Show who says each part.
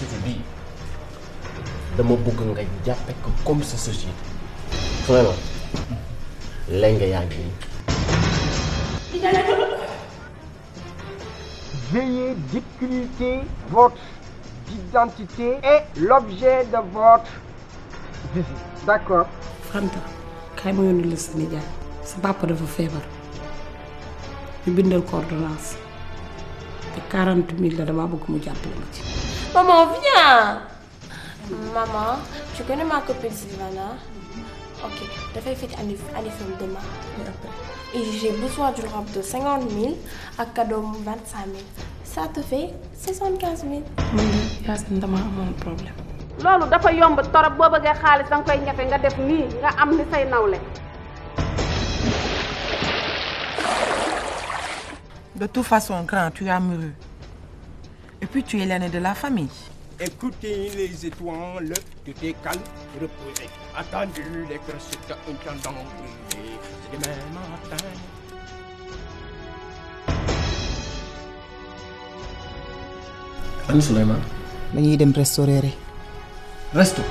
Speaker 1: société bii dama bëgg nga jàppe ko comme sa société vraiment léegi yaa ngi nii. Veuillez décrypter votre
Speaker 2: et l'objet de votre D'accord.
Speaker 1: kaay ma yónni la sa nijaay sa papa dafa feebar ñu bindal ko ordonnance te quarante mille la damaa bëgg mu jàppale ma ci.
Speaker 2: Maman, viens Maman, tu connais ma copine Sylvana Ok, je vais fête anniversaire demain. Et j'ai besoin d'une robe de 50 000 à cadeau 25 000. Ça te fait man de
Speaker 1: Yacine dama amoon problème. loolu dafa yomb torop boo bëggee xaalis danga koy ñafe nga def nii nga am ni say nawle. de toute façon grand tu as Et puis tu es l'aîné de la famille. Écoutez les étoiles, tu t'es calme, Attendu les crossettes, une tendance privée. C'est demain matin. Anne Souleymane. dañuy dem restaurer. resto.